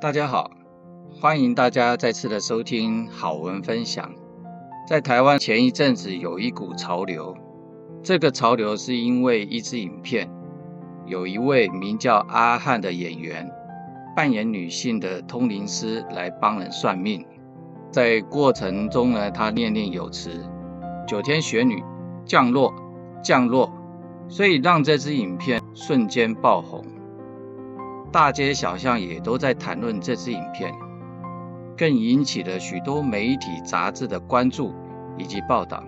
大家好，歡迎大家再次的收聽好文分享。在台灣前一陣子有一股潮流，這個潮流是因為一支影片，有一位名叫阿翰的演員扮演女性的通靈師來幫人算命，在過程中呢，他念念有詞：“九天玄女降落，降落”，所以讓這支影片瞬間爆紅。大街小巷也都在談論這支影片，更引起了許多媒體雜誌的關注以及報道。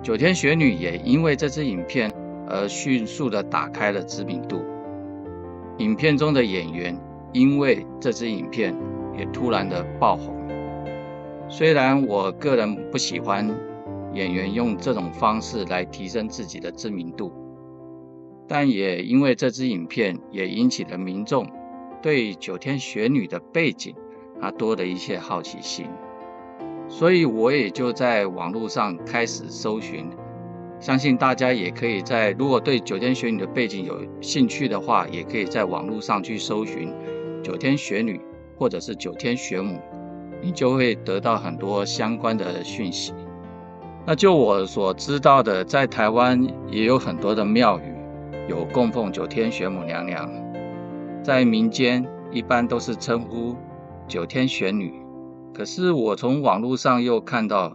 九天玄女也因為這支影片而迅速的打開了知名度。影片中的演員因為這支影片也突然的爆紅。雖然我個人不喜歡演員用這種方式來提升自己的知名度。但也因為這支影片，也引起了民眾對九天玄女的背景，啊，多了一些好奇心，所以我也就在網絡上開始搜尋。相信大家也可以在，如果對九天玄女的背景有興趣的話，也可以在網絡上去搜尋九天玄女或者是九天玄母，你就會得到很多相關的訊息。那就我所知道的，在台灣也有很多的廟宇。有供奉九天玄母娘娘，在民間一般都是稱呼九天玄女。可是我從網絡上又看到，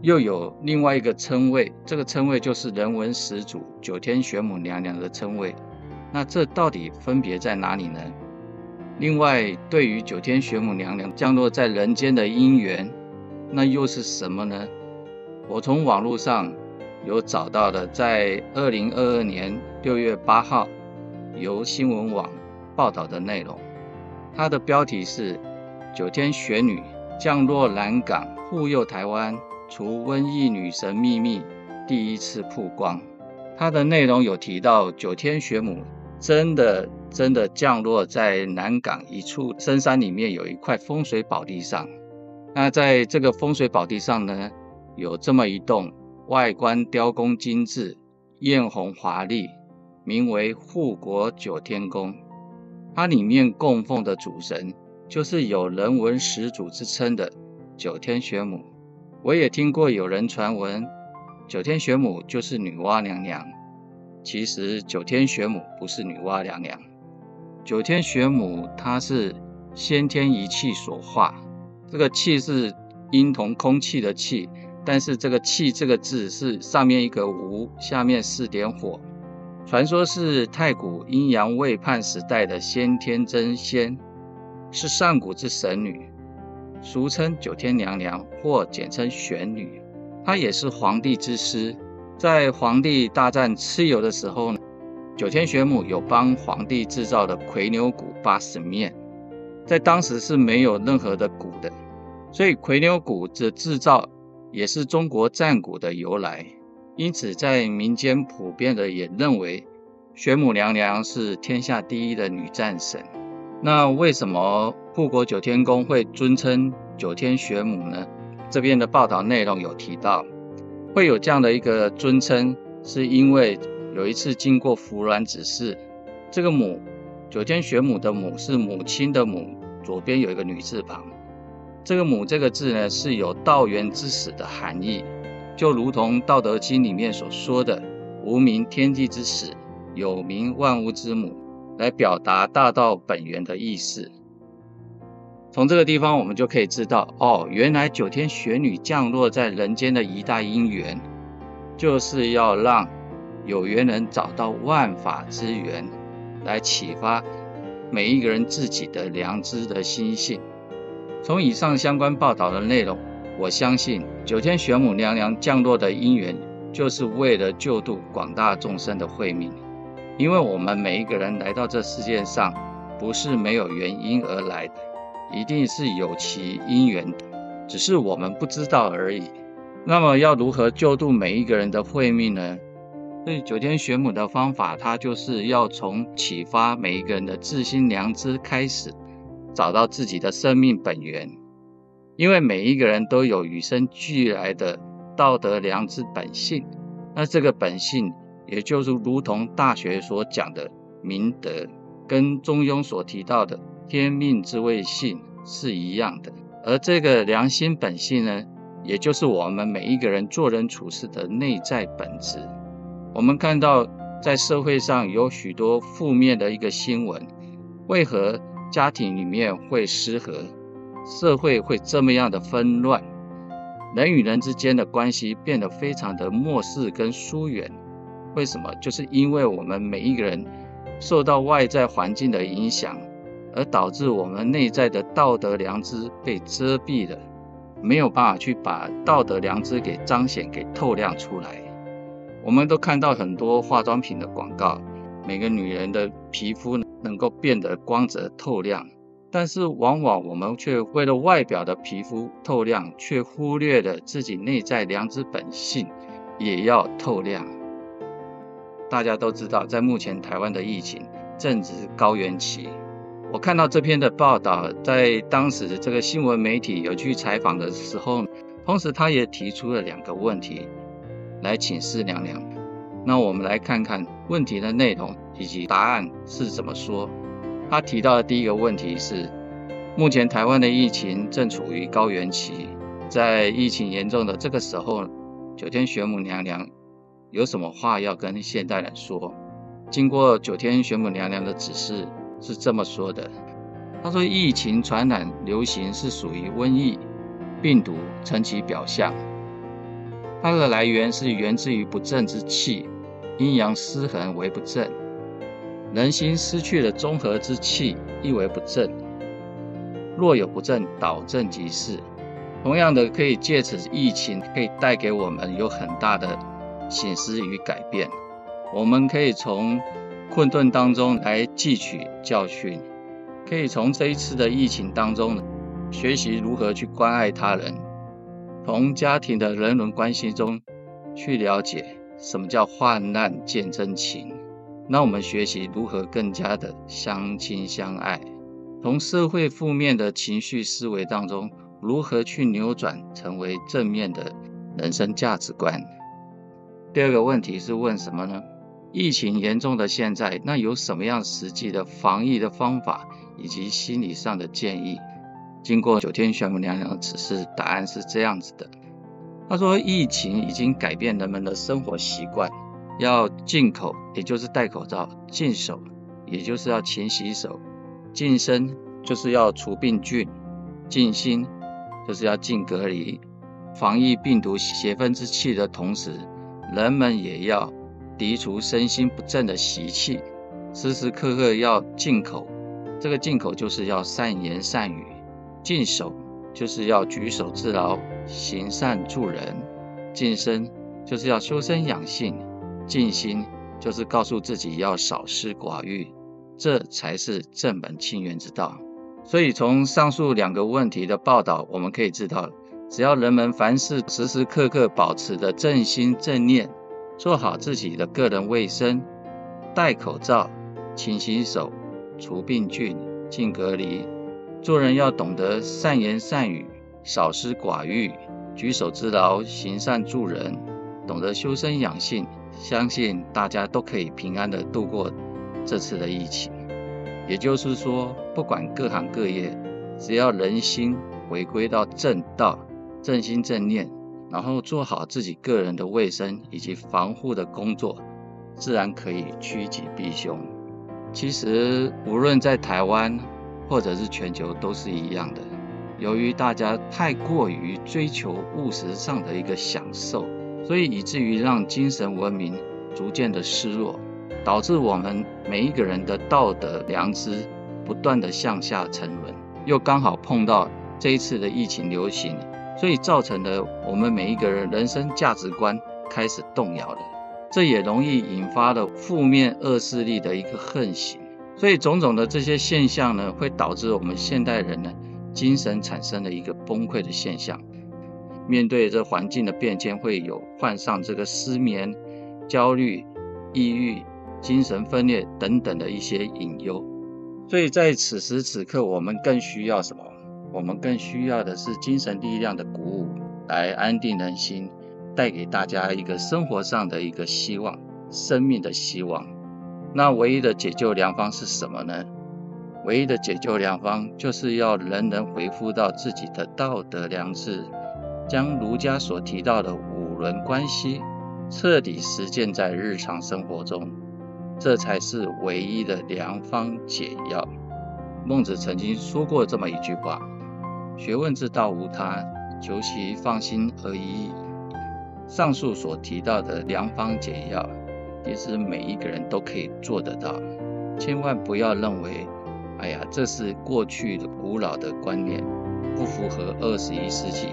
又有另外一個稱謂，這個稱謂就是人文始祖九天玄母娘娘的稱謂。那這到底分別在哪裡呢？另外，對於九天玄母娘娘降落在人間的因緣，那又是什麼呢？我從網絡上。有找到的，在二零二二年六月八號由新聞網報道的內容，它的標題是《九天玄女降落南港護佑台灣除瘟疫女神秘密第一次曝光》。它的內容有提到，九天玄母真的真的降落在南港一處深山裡面有一塊風水寶地上，那在這個風水寶地上呢，有這麼一棟。外觀雕工精緻，豔紅華麗，名為護國九天宮。它裡面供奉的主神就是有人文始祖之稱的九天玄母。我也聽過有人傳聞，九天玄母就是女媧娘娘。其實九天玄母不是女媧娘娘，九天玄母它是先天一氣所化，這個氣是音同空氣的氣。但是這個“氣”這個字是上面一個“無”，下面四點火。傳說是太古陰陽未判時代的先天真仙，是上古之神女，俗稱九天娘娘或簡稱玄女。她也是黃帝之師，在黃帝大戰蚩尤的時候呢，九天玄母有幫黃帝製造的葵牛骨八十面，在當時是沒有任何的骨的，所以葵牛骨的製造。也是中國戰鼓的由來，因此在民間普遍的也認為玄母娘娘是天下第一的女戰神。那為什麼護國九天宮會尊稱九天玄母呢？這邊的報道內容有提到，會有這樣的一個尊稱，是因為有一次經過扶鸞指示，這個母，九天玄母的母是母親的母，左邊有一個女字旁。這個“母”這個字呢，是有道源之始的含義，就如同《道德經》裡面所說的“無名天地之始，有名萬物之母”，來表達大道本源的意思。從這個地方，我們就可以知道，哦，原來九天玄女降落在人間的一大因緣，就是要讓有緣人找到萬法之源，來啟發每一個人自己的良知的心性。從以上相關報道的內容，我相信九天玄母娘娘降落的因緣，就是為了救度廣大眾生的慧命。因為我們每一個人來到這世界上，不是沒有原因而來的，一定是有其因緣的，只是我們不知道而已。那麼要如何救度每一個人的慧命呢？所以九天玄母的方法，它就是要從啟發每一個人的自心良知開始。找到自己的生命本源，因為每一個人都有與生俱來的道德良知本性。那這個本性，也就是如同大學所講的明德，跟中庸所提到的天命之謂性是一樣的。而這個良心本性呢，也就是我們每一個人做人處事的內在本質。我們看到在社會上有許多負面的一個新聞，為何？家庭裡面會失和，社會會這麼樣的紛亂，人與人之間的關係變得非常的漠視跟疏遠。為什麼？就是因為我們每一個人受到外在環境的影響，而導致我們內在的道德良知被遮蔽了，沒有辦法去把道德良知給彰顯、給透亮出來。我們都看到很多化妝品的廣告。每個女人的皮膚能夠變得光澤透亮，但是往往我們卻為了外表的皮膚透亮，卻忽略了自己內在良知本性也要透亮。大家都知道，在目前台灣的疫情正值高原期，我看到這篇的報道，在當時這個新聞媒體有去採訪的時候，同時他也提出了兩個問題來請示娘娘。那我們來看看問題的內容以及答案是怎麼說。他提到的第一個問題是，目前台灣的疫情正處於高原期，在疫情嚴重的這個時候，九天玄母娘娘有什麼話要跟現代人說？經過九天玄母娘娘的指示是這麼說的，她說：“疫情傳染流行是屬於瘟疫，病毒呈其表象，它的來源是源自於不正之氣。”陰陽失衡為不正，人心失去了中和之氣亦為不正。若有不正，導正即是，同樣的，可以借此疫情，可以帶給我們有很大的省思與改變。我們可以從困頓當中來汲取教訓，可以從這一次的疫情當中學習如何去關愛他人，從家庭的人倫關係中去了解。什麼叫患難見真情？那我們學習如何更加的相親相愛，從社會負面的情緒思維當中如何去扭轉，成為正面的人生價值觀。第二個問題是問什麼呢？疫情嚴重的現在，那有什麼樣實際的防疫的方法以及心理上的建議？經過九天玄女娘娘的指示，答案是這樣子的。他說：“疫情已經改變人們的生活習慣，要進口，也就是戴口罩；進手，也就是要勤洗手；進身，就是要除病菌；進心，就是要進隔離。防疫病毒邪分之氣的同時，人們也要滌除身心不正的習氣，時時刻刻要進口。這個進口就是要善言善語；進手，就是要舉手之勞。”行善助人，淨身就是要修身養性，淨心就是告訴自己要少私寡欲，這才是正本清源之道。所以，從上述兩個問題的報道，我們可以知道，只要人們凡事時時刻刻保持着正心正念，做好自己的個人衛生，戴口罩、勤洗手、除病菌、進隔離，做人要懂得善言善語。少私寡欲，舉手之勞，行善助人，懂得修身養性，相信大家都可以平安地度過這次的疫情。也就是說，不管各行各業，只要人心回歸到正道，正心正念，然後做好自己個人的衛生以及防護的工作，自然可以趨吉避凶。其實，無論在台灣或者是全球，都是一樣的。由於大家太過於追求物質上的一個享受，所以以至於讓精神文明逐漸的失落，導致我們每一個人的道德良知不斷的向下沉淪，又剛好碰到這一次的疫情流行，所以造成了我們每一個人人生價值觀開始動搖了。這也容易引發了負面惡勢力的一個橫行，所以種種的這些現象呢，會導致我們現代人呢。精神產生了一個崩潰的現象，面對這環境的變遷，會有患上這個失眠、焦慮、抑鬱、精神分裂等等的一些隱憂。所以在此時此刻，我們更需要什麼？我們更需要的是精神力量的鼓舞，來安定人心，帶給大家一個生活上的一個希望，生命的希望。那唯一的解救良方是什麼呢？唯一的解救良方，就是要人人回復到自己的道德良知，將儒家所提到的五倫關係徹底實踐在日常生活中，這才是唯一的良方解藥。孟子曾經說過這麼一句話：“學問之道無他，求其放心而已。”上述所提到的良方解藥，也是每一個人都可以做得到，千萬不要認為。哎呀，這是過去的古老的觀念，不符合二十一世紀，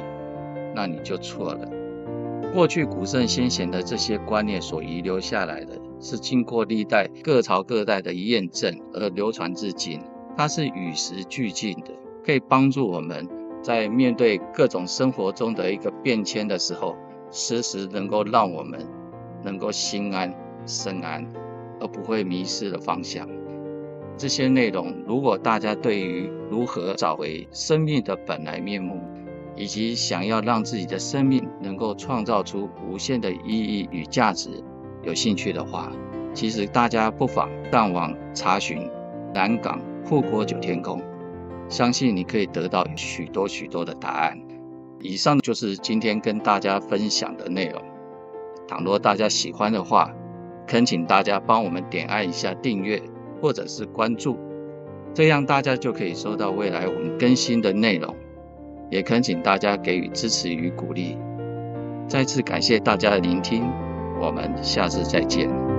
那你就錯了。過去古聖先賢的這些觀念所遺留下來的是經過歷代各朝各代的驗證而流傳至今，它是與時俱進的，可以幫助我們在面對各種生活中的一個變遷的時候，時時能夠讓我們能夠心安身安，而不會迷失了方向。這些內容。如果大家對於如何找回生命的本來面目，以及想要讓自己的生命能夠創造出無限的意義與價值有興趣的話，其實大家不妨上網查詢“南港護國九天宮”，相信你可以得到許多許多的答案。以上就是今天跟大家分享的內容。倘若大家喜歡的話，懇請大家幫我們點按一下訂閱。或者是關注，這樣大家就可以收到未來我們更新的內容，也懇請大家給予支持與鼓勵。再次感謝大家的聆聽，我們下次再見。